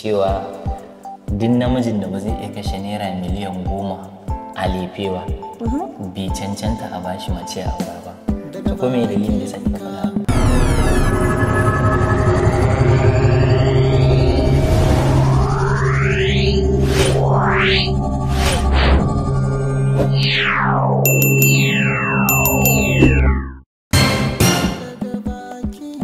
cewa duk namijin da ba zai iya kashe naira miliyan goma a lefewa bai cancanta a bashi mace a aura ba to ko me dalilin da sai faɗa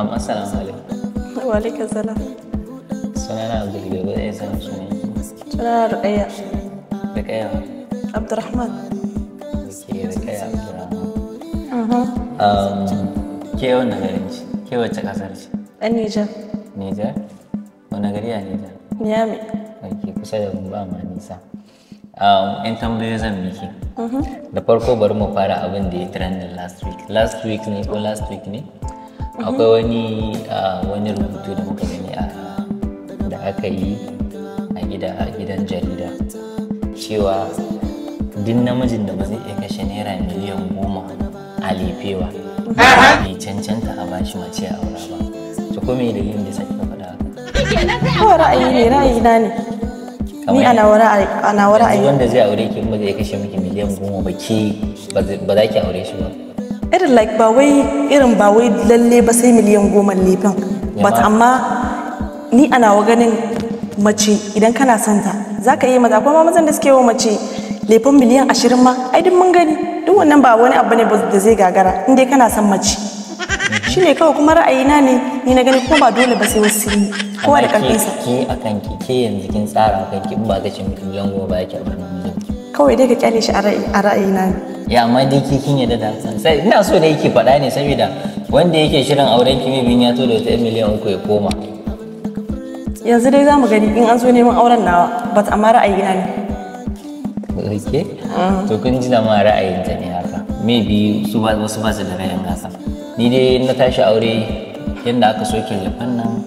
Assalamu alaikum. Wa alaikum salam. sunana abdul gaba ɗaya sanin su ne sunana ruƙayya ruƙayya abdurrahman ke ruƙayya abdurrahman ke wani garin ci ke wacce ƙasar ci ɗan nijar nijar wani gari a nijar miami ke kusa da mu ba ma nisa in tambayo zan miki da farko bari mu fara abin da ya trending last week last week ne ko last week ne akwai wani wani rubutu da muka gani a aka yi a gidan jarida cewa duk namijin da ba zai iya kashe naira miliyan goma a lefewa bai cancanta a bashi mace a aura ba to ko me dalilin da sake ka faɗa haka kawai ra'ayi ne ra'ayi na ne ni ana wara a wanda zai aure ki ba zai kashe miki miliyan goma ba ki ba za ki aure shi ba irin like ba wai irin ba wai lalle ba sai miliyan goma lefen but amma ni ana wa ganin mace idan kana son ta za ka iya maza kuma ma mazan da suke wa mace laifin miliyan ashirin ma ai duk mun gani duk wannan ba wani abu ne da zai gagara in dai kana son mace shi ne kawai kuma ra'ayina ne ni na gani ko ba dole ba sai wasu yi kowa da sa ke a kanki ke yanzu kin tsara in ba ka ga cin kallon gobe yake a ganin kawai dai ka kyale shi a ra'ayina ne ya amma dai ke kin yadda da san sai ina so ne yake faɗa ne saboda wanda yake shirin auren ki mai ya to da miliyan uku ya koma yanzu dai za mu gani in an zo neman auren nawa but amma ra'ayi ina ne ok ah. to kun ji ra'ayin ta ne haka maybe su ba wasu ba su da ra'ayin haka ni dai na tashi aure yadda aka soke lefan nan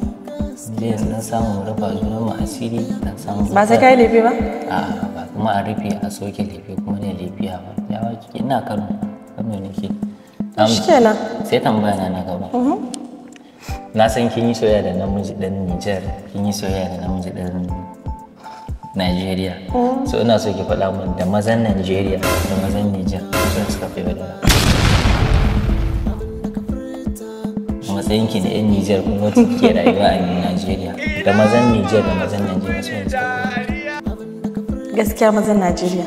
zai na samu rufa zuwa mu asiri na samu ba sai kai lefe ba a ba kuma a rufe a soke lefe kuma ne lefe ba ya waki ina kano kano nake nan. sai tambaya na na gaba mhm. na san kin yi soyayya da namiji dan Nijar kin yi soyayya da namiji dan Najeriya mm. so ina so ki faɗa min da mazan Najeriya da mazan Nijar sun suka fi wadara matsayin ki na yan Nijar kun wata ke rayuwa a Najeriya da mazan Nijar da mazan Najeriya so suka gaskiya mazan Najeriya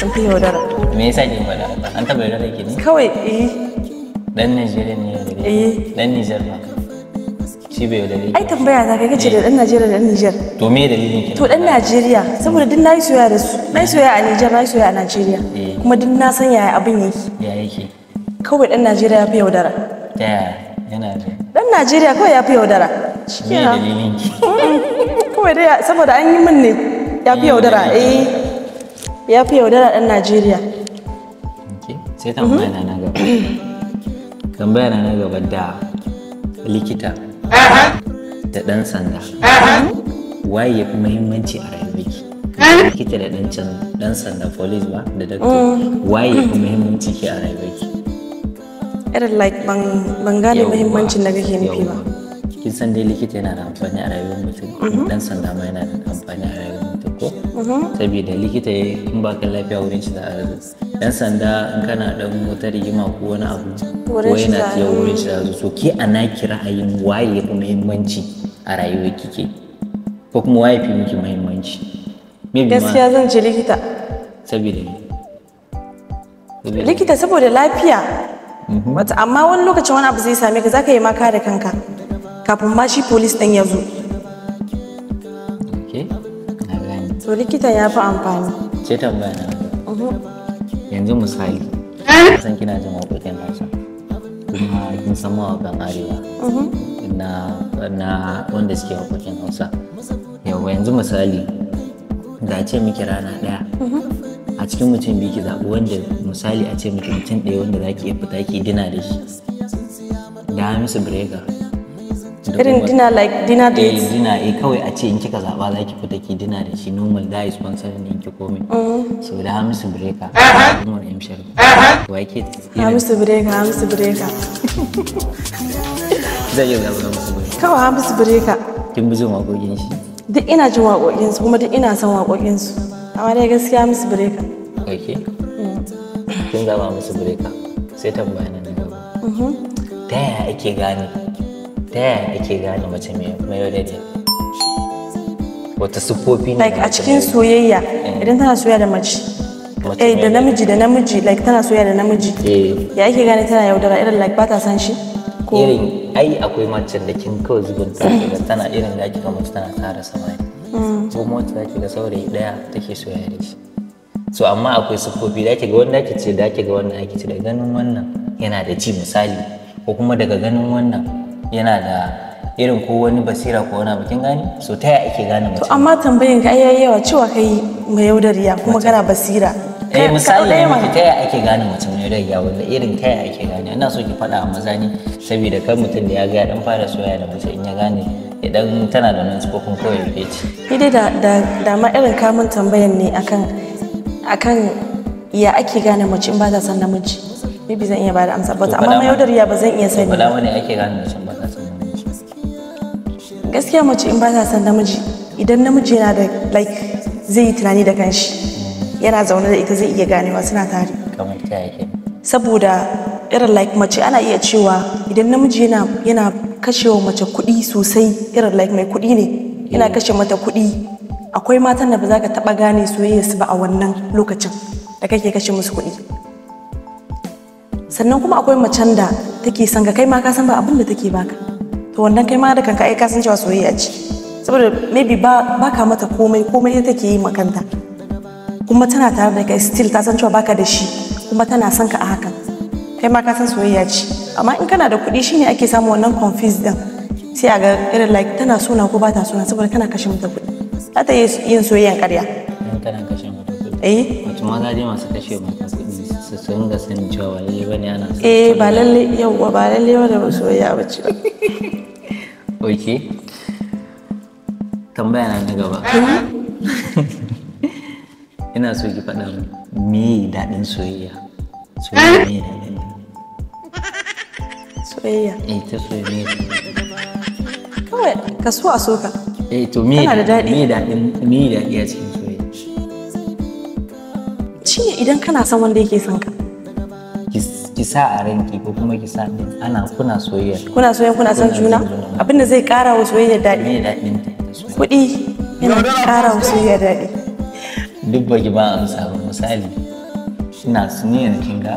sun fi yaudara me yasa ki faɗa an taɓa yaudara ki ne kawai eh dan Najeriya ne eh dan Niger ba shi bai dalili ai tambaya ta kai kace da dan Najeriya da dan Niger to me dalilin ki to dan Najeriya saboda duk nayi soyayya da su nayi soyayya a Niger nayi soyayya a Najeriya eh. kuma duk na san yaya abin yake ya yake kawai dan Najeriya ya fi yaudara ya yana da dan Najeriya kawai ya fi yaudara me dalilin ki kawai dai saboda an yi min ne ya fi yaudara eh ya fi yaudara dan Najeriya sai tambaya na gaba tambaya na gaba da likita da ɗan sanda waye ya fi muhimmanci a rayuwarki eh? likita da ɗan sanda police ba da doctor mm. waye ya fi muhimmanci ke a rayuwarki irin like ban gane muhimmancin da kake nufi ba kin san dai likita yana da amfani a rayuwar mutum dan mm-hmm. sanda ma yana da amfani a rayuwar mutum ko mm-hmm. saboda likita in ba ka lafiya wurin shi da arziki dan sanda in kana dan wata rigima ko wani abu ko yana tsaye wurin shi zazu so ke a naki ra'ayin waye fi muhimmanci a rayuwar kike ko kuma waye fi miki muhimmanci gaskiya zan ce likita saboda likita saboda lafiya wata mhm. amma wani lokacin wani abu zai same ka zaka yi maka da kanka kafin ma shi polis din ya zo to likita ya fi amfani ce tambaya na mhm. yanzu misali eh? san kina jin waƙoƙin hausa Musamman san arewa mm-hmm. na wanda suke haƙoƙin hausa yawa yanzu misali da ce miki rana ɗaya mm-hmm. a cikin mutum biki zaɓi wanda misali a ce miki mutum ɗaya wanda za ki iya fita ki dina da shi da hamisu birega irin dina like dina eh, dates eh dina eh kawai a ce in kika zaba za ki fita ki dina da shi normal guy sponsor ne ki komai mm-hmm. so da hamisu breaker normal m sharif wai ke hamisu breaker hamisu breaker zai yi zaba musu breaker kawai hamisu breaker kin bi jin waƙoƙin shi duk ina jin waƙoƙin su kuma duk ina son waƙoƙin su amma dai gaskiya hamisu breaker ok mm. kin zaba hamisu breaker sai tambaya na gaba mm-hmm. ta yaya ake gane ta yaya ake gane mace mayonnaise wata siffofi ne like a cikin soyayya eh. idan tana soyayya da mace eh da namiji da namiji like tana soyayya da namiji eh. ya ake gane tana yaudara irin like ba ta san shi ko irin ai akwai macen da kin kawai zubin ta tana irin da ake ga mace tana tara samari mm. ko mota da ke ga saurayi daya take soyayya da shi so amma akwai siffofi da ake ga wanda ake ce da ake ga wannan ake ce da ganin wannan yana da ci misali ko kuma daga ganin wannan yana da irin ko wani basira ko wani abu kin gani so ta yaya ake gane mutum to amma tambayin ka yayi yawa cewa kai mai yaudariya kuma kana basira eh misali ne ta yaya ake gane mutum mai yaudariya wanda irin ta yaya ake gane ina so ki faɗa a maza ne saboda kan mutum da ya ga ya dan fara soyayya da mutum in ya gane idan tana da nan tsofin kawai ya ce ni dai da da ma irin kamun tambayan ne akan akan ya ake gane mace in ba ta san namiji bibi zan iya bada amsa ba amma mai yaudariya ba zan iya sani ba wani ake gane ba gaskiya mace in ba ta son namiji idan namiji yana da like zai yi tunani da kanshi yana zaune da ita zai iya ganewa suna tare saboda irin like mace ana iya cewa idan namiji yana yana kashewa mace kuɗi sosai irin like mai kuɗi ne yana eh. kashe mata kuɗi akwai matan da ba za ka taɓa gane su ba a wannan lokacin da kake kashe musu kuɗi sannan kuma akwai macen da take son ka kai ma ka san ba abin da take baka to wannan kai ma da kanka ai ka san cewa soyayya ce saboda maybe ba baka mata komai komai ita take yi makanta kuma tana tare da kai still ta san cewa baka da shi kuma tana son ka a hakan kai ma ka san soyayya ce amma in kana da kuɗi shine ake samu wannan confuse din sai a ga irin like tana suna ko ba ta suna saboda kana kashe mata kuɗi za ta yin soyayyan ƙarya. Kana kashe mata kuɗi. Eh. Wato maza dai masu kashe mata. su dinga sani cewa eh, ba lalle ba ne. ana son eh ba lalle yawwa ba lalle da ba soyayya ba ce ba ok tambaya na na gaba ina so ki faɗa me daɗin soyayya soyayya me daɗin soyayya eh ta soyayya kawai ka so a so ka. eh to me daɗi me daɗin me daɗi a cikin soyayya shine idan kana son wanda yake son ka ki sa a ranki ko kuma ki sa ana kuna soyayya kuna soyayya kuna son juna abin da zai kara wa soyayya daɗi kuɗi yana kara wa soyayya daɗi duk ba ki ba amsa ba misali ina son yanzu kin ga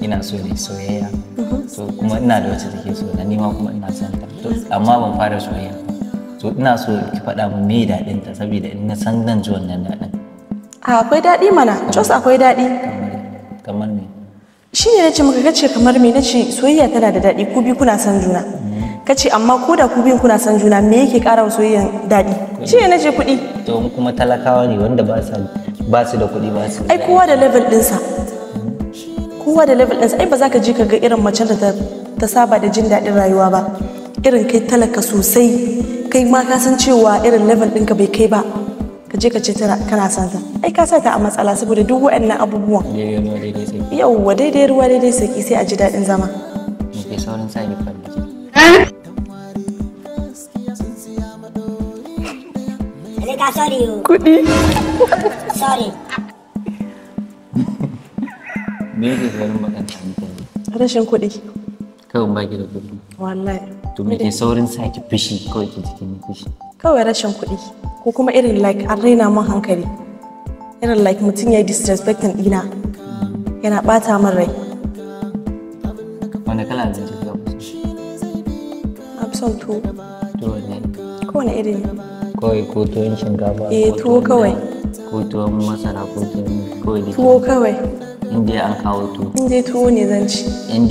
ina so ne soyayya mhm. to kuma ina da wacce take so na nima kuma ina son ta to amma ban fara soyayya to ina so ki faɗa min me daɗin ta saboda ina san zan ji wannan daɗin akwai daɗi mana jos akwai daɗi kamar me shi ne nace maka kace kamar me nace soyayya tana da daɗi ku bi kuna son juna mm. kace amma ko da ku biyun kuna son juna me yake ƙara wa soyayyan daɗi shi ne nace kuɗi to kuma talakawa ne wanda ba sa ba su da kuɗi ba su ai kowa da level ɗinsa kowa da level ɗinsa ai ba za ka je ka ga irin macen da ta saba da jin daɗin rayuwa ba irin kai talaka sosai kai ma ka san cewa irin level ɗinka bai kai ba ka je ka ce kana san ta ai ka sa ta a matsala saboda duk waɗannan abubuwan yauwa daidai ruwa daidai saki sai a ji daɗin zama saurin sa Kuɗi. Me mutane? Rashin kuɗi. Kawai ba ki da kuɗi. Wallahi. To me ke saurin sa ki fushi kawai ki jikin fushi? Kawai rashin kuɗi. ko kuma irin like an raina mun hankali irin like mutum ya yi disrespecting dina, yana ɓata min rai wani kala abinci ka fi so to to ne iri irin kawai ko tuwon shinkafa eh tuwo kawai ko tuwon masara ko tuwon kawai tuwo kawai ya an kawo tuwo ya tuwo ne zan ci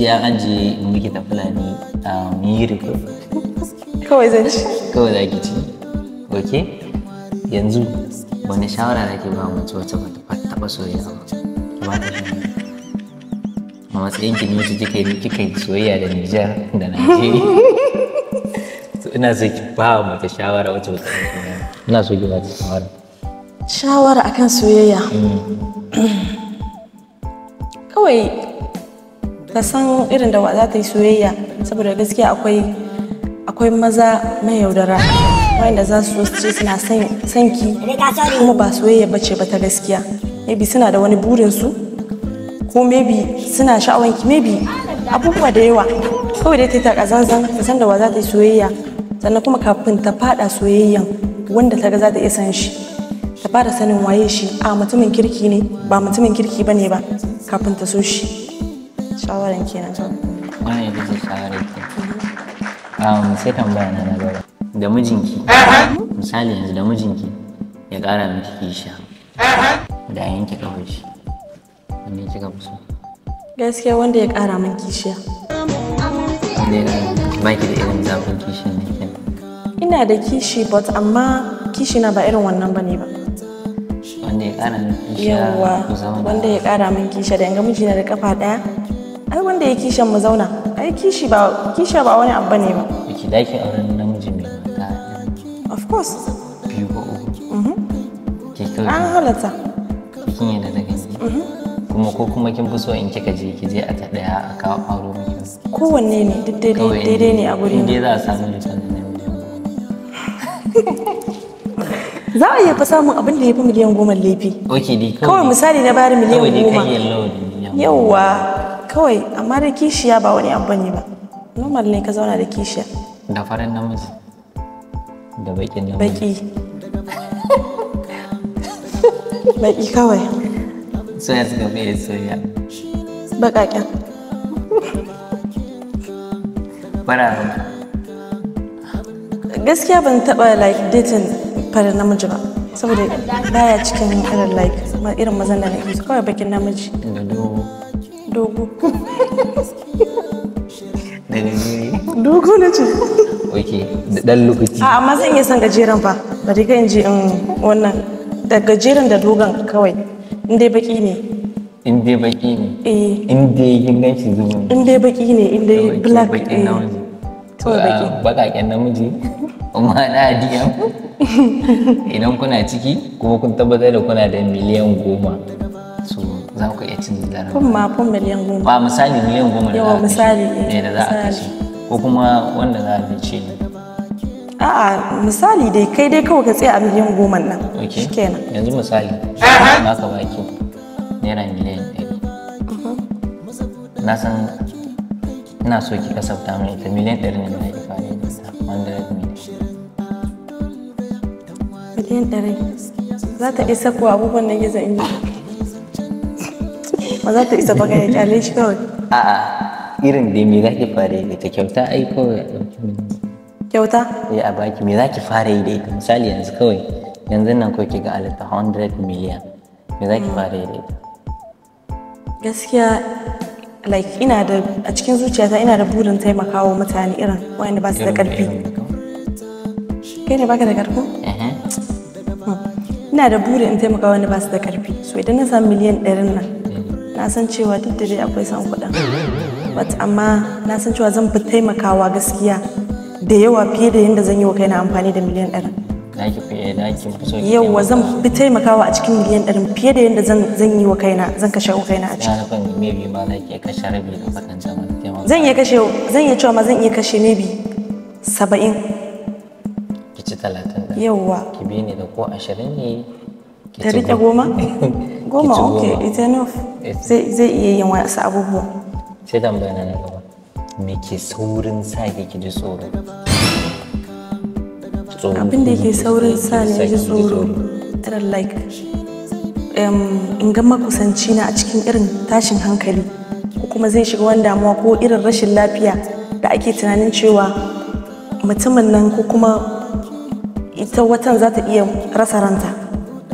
ya an ajiye in muke ta fulani a ah, miri kawai zan ci kawai za ki ci okay yanzu wani shawara da ke ba mace wacce ba ta taɓa soyayya ba ba ta shi a matsayin ki ne kika yi kika yi soyayya da Nijar da Najeriya ina so ki ba mutu shawara wacce ba ta ina so ki ba ta shawara shawara akan soyayya mm. kawai ka san irin da za ta yi soyayya saboda gaskiya akwai akwai maza mai yaudara wanda za su ce suna son ki kuma ba soyayya bace ba ta gaskiya maybe suna da wani burin su ko maybe suna sha'awan ki maybe abubuwa da yawa kawai dai ta ta kazanzan ta san da wa za ta yi soyayya sannan kuma kafin ta fada soyayyan wanda ta ga za ta iya san shi ta fara sanin waye shi a mutumin kirki ne ba mutumin kirki bane ba kafin ta so shi shawaran kenan to wani da zai shawara ke um, sai tambaya na gaba da mijinki misali yanzu da mijinki ya kara miki kishiya da yanke kawai shi wanda ya cika so gaskiya wanda ya kara min kishiya ba ki da irin zafin kishin ne ina da kishi but amma kishi na ba irin wannan bane ba wanda ya kara min kishiya yawa wanda ya kara min kishiya da yanga mijina da kafa daya ai wanda ya kishin mu zauna ai kishi ba kisha ba wani abu ne ba ki dake auren of course biyu ko uku ke kawai an halatta kin yadda da gani mm-hmm. kuma ko kuma kin fi so in kika je ki je a ta daya a kawo aro miki kowanne ne duk daidai ne a gurin ne za a samu mutum za a iya fa samun abin da ya fi miliyan goma laifi kawai misali na bayar miliyan goma kawai dai kai yauwa kawai amma da kishiya ba wani abu ne ba normal ne ka zauna da kishiya da farin namiji da baƙin nan baƙi baƙi kawai soya suka mai soya baƙaƙen fararen gaskiya ban taɓa like dating farin namiji ba saboda baya cikin irin like irin mazan da nake kawai bakin namiji dogo dogo na ce ok da ɗan lokaci a amma zan iya san gajeren fa bari ka in ji wannan da gajeren da dogon kawai in dai baki ne in dai baki ne eh in dai yin zuwa in dai baki ne in dai black baki eh. namiji to baki bakaken ah, namiji amma na diyan idan kuna ciki kuma kun tabbatar da kuna da miliyan goma so za ku iya cin zarafi kun ma kun miliyan goma ba misali miliyan goma da za a kashe eh, eh, da za a kashe ko kuma wanda za a bice ni a'a misali dai kai dai kawai ka tsaye a miliyan goma nan shikenan yanzu misali na ka baki naira miliyan ɗari na san ina so ki kasafta mai ta miliyan ɗari ne na ifani wanda miliyan ɗari za ta isa ko abubuwan na gizo in ba za ta isa ba ga ya kyale shi kawai a'a irin da me za ki fara yi da ita kyauta ai kawai kyauta eh a baki me za ki fara yi da ita misali yanzu kawai yanzu nan ko ki ga alata 100 million me za ki fara yi da ita gaskiya like ina da a cikin zuciyata ina da burin taimakawa mutane irin wanda ba su da karfi kai ne baka da karfi hmm. ina da burin in taimakawa wanda ba su da karfi so idan na samu miliyan ɗarin nan eh. na san cewa duk da dai akwai san kuɗin but amma na san cewa zan fi taimakawa gaskiya da yawa fiye da yadda zan yi wa kaina amfani da miliyan ɗari naki eh, yawa zan fi taimakawa a cikin miliyan ɗari fiye da yadda zan yi wa kaina zan kashe wa kaina a ciki na nufin maybe ma kashe zan iya kashe zan iya cewa ma zan iya kashe maybe saba'in ki ci talatin da yawa ki bi ne da ko ashirin ne ta riƙe goma goma ok it's enough zai iya yin wasu abubuwa sai tambaya na gaba me ke saurin sa ki ji tsoro abin da ke saurin sa ne ji tsoro irin like in ga makusanci na a cikin irin tashin hankali ko kuma zai shiga wani damuwa ko irin rashin lafiya da ake tunanin cewa mutumin nan ko kuma ita watan za ta iya rasa ranta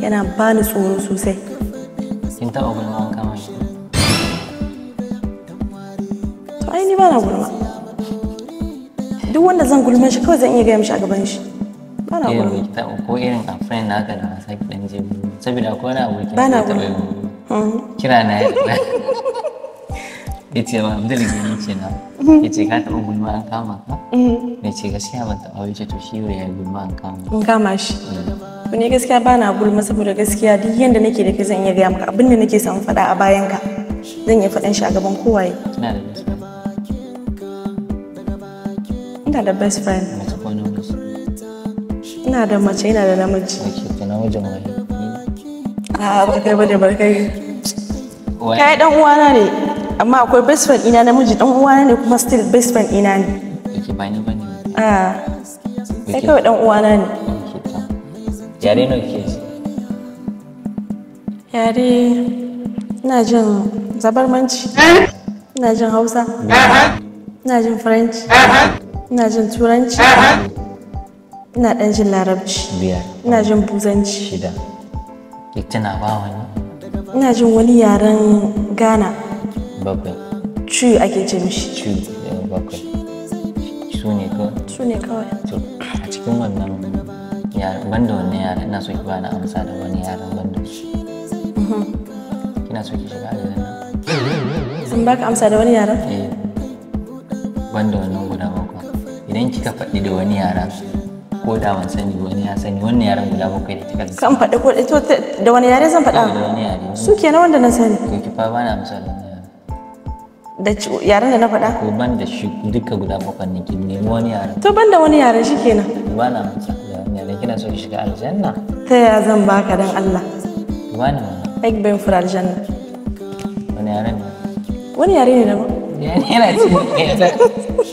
yana bani tsoro sosai kin na gulma duk wanda zan gulman shi kawai zan iya gaya mishi a gaban shi ba na gulma ko irin a friend naka da a sake dan je saboda ko na abokin ba na gulma kira na ya yace ma ba abdul gani ce na mhm. yace ce ka taɓa gulma an kama ka ya mhm. ce gaskiya ban taɓa wuce to shi ya gulma an kama an kama shi ko mm. ne gaskiya ba na gulma saboda gaskiya duk yanda nake da kai zan iya gaya maka abin da nake son faɗa a bayan ka zan iya faɗan shi a gaban kowaye. Kina da gaskiya. ina da best friend ina da mace ina da namiji a ba kai bane ba kai kai dan uwana ne amma akwai best friend ina namiji dan uwana ne kuma still best friend ina ne kake ba ni bane a kai kawai dan uwana ne yare nawa kike yare ina jin zabarmanci ina jin hausa ina jin french ina jin turanci ina dan jin larabci biyar ina jin buzanci shida duk ba wani ina jin wani yaren ghana bakwai ciwo ake ce mishi ciwo eh, bakwai su ne kawai su ne kawai to a cikin wannan yaren banda wannan yaren ina so ki bani amsa da wani yaren banda shi mhm. kina so ki shiga nan. Zan baka amsa da wani yaren eh banda wannan guda ba idan kika faɗi da wani yara, ko da ban sani wani ya sani wannan yaran guda bakwai da kika kan faɗi ko to da wani yare zan faɗa da wani yare su kenan wanda na sani ko ki fa bana misali da yaren da na faɗa ko ban da shi duka guda bakwai ne ki nemi wani yara to ban da wani yaren shi kenan bana misali yaren kina so ki shiga aljanna ta ya zan baka dan Allah bana ek ben fur aljanna wani yare ne wani yare ne na daban yana ce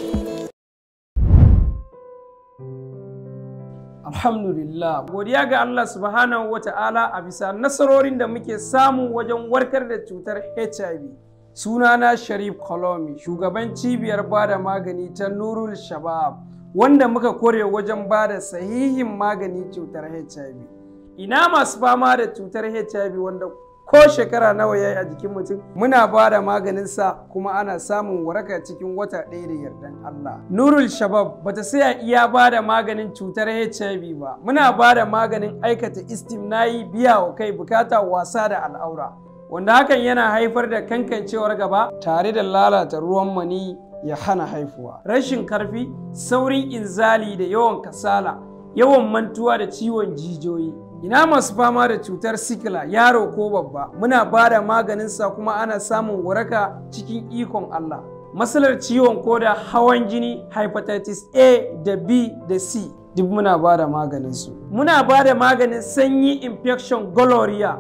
alhamdulillah godiya ga Allah subhanahu wa ta'ala a bisa nasarorin da muke samu wajen warkar da cutar HIV sunana Sharif Kolomi shugaban cibiyar bada magani ta Nurul Shabab wanda muka kore wajen bada sahihin magani cutar HIV ina masu fama da cutar HIV wanda ko shekara nawa yayi a jikin mutum muna ba maganin sa kuma ana samun waraka cikin wata ɗaya da yardan Allah Nurul Shabab bata sai iya ba da maganin cutar HIV ba muna ba da maganin aikata istimnayi biya wa kai bukata wasa da al'aura wanda hakan yana haifar da kankancewar gaba tare da lalata ruwan mani ya hana haifuwa rashin karfi saurin inzali da yawan kasala yawan mantuwa da ciwon jijiyoyi ina masu fama da cutar sikila yaro ko babba muna ba da maganinsa kuma ana samun waraka cikin ikon Allah matsalar ciwon koda hawan jini hepatitis a da b da c duk muna ba da maganinsu muna ba da maganin sanyi infection gonorrhea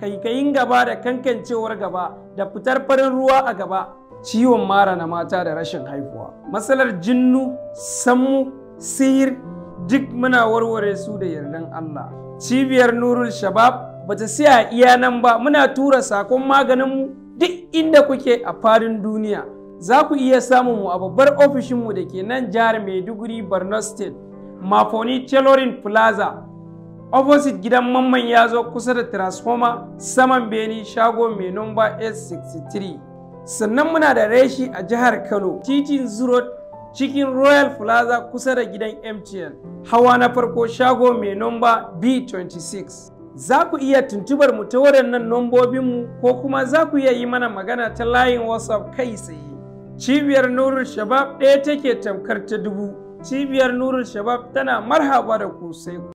kaikayin gaba da kankancewar gaba da fitar farin ruwa a gaba ciwon mara na mata da rashin haihuwa matsalar jinnu sammu sihir duk muna warware su da yardan Allah cibiyar nurul shabab ba bata siya iya nan ba muna tura sakon maganinmu duk inda kuke a fadin duniya za ku iya samun mu a babbar ofishinmu da ke nan jihar maiduguri borno state mafoni tailoring plaza opposite gidan mamman ya zo kusa da transformer saman beni shago mai nomba s63 sannan muna da reshi a jihar kano titin zuro cikin royal plaza kusa da gidan mtn hawa na farko shago mai nomba b26 za ku iya tuntubar mu ta waɗannan nombobinmu ko kuma za ku iya yi mana magana ta layin whatsapp kai tsaye cibiyar nurul shabab ɗaya take tamkar ta dubu cibiyar nurul shabab tana marhaba da ku sai